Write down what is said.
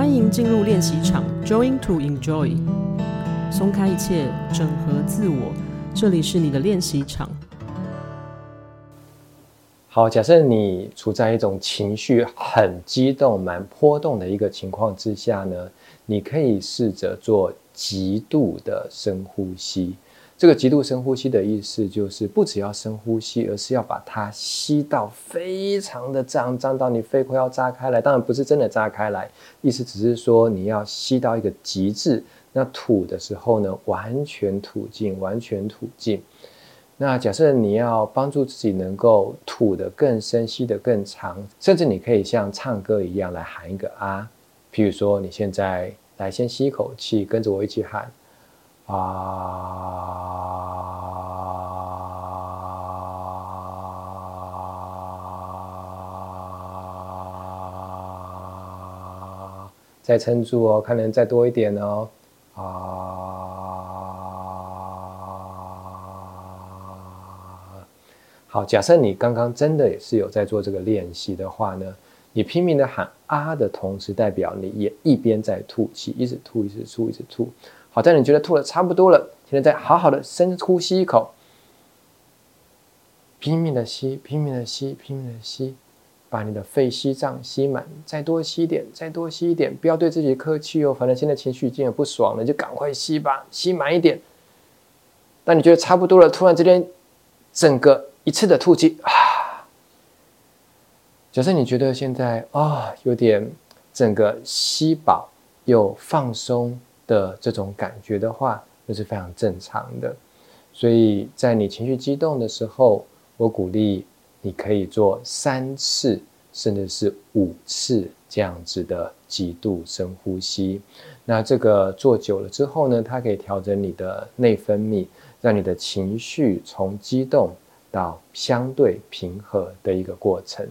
歡迎進入練習場，Join to enjoy。鬆開一切，整合自我，這裡是你的練習場。好，假設你處在一種情緒很激動、蠻波動的一個情況之下呢，你可以試着做極度的深呼吸。這個極度深呼吸的意思，就是不只要深呼吸，而是要把它吸到非常的脹。脹到你肺快要炸開來。當然不是真的炸開來，意思只是說你要吸到一個極致。那吐的時候呢，完全吐盡，完全吐盡。那假設你要幫助自己能夠吐得更深，吸得更長，甚至你可以像唱歌一樣來喊一個啊。譬如說，你現在來先吸一口氣，跟着我一起喊啊。再撐住哦，看能再多一點哦。啊，好，假設你剛剛真的也是有在做這個練習的話呢，你拼命的喊啊的同時，代表你也一邊在吐氣，一直吐，一直吐，一直吐。好，在你覺得吐的差不多了，現在再好好的深呼吸一口，拼命的吸，拼命的吸，拼命的吸。把你的肺吸脹吸滿，再多吸一點，再多吸一點，不要對自己客氣哦。反正現在情緒已經有不爽了，就趕快吸吧，吸滿一點。但你覺得差不多了，突然之間，整個一次的吐氣，啊。假設你覺得現在啊、哦、有點整個吸飽又放鬆的這種感覺的話，那是非常正常的。所以在你情緒激動的時候，我鼓勵。你可以做三次，甚至是五次這樣子的極度深呼吸。那這個做久了之後呢，它可以調整你的內分泌，讓你的情緒從激動到相對平和的一個過程。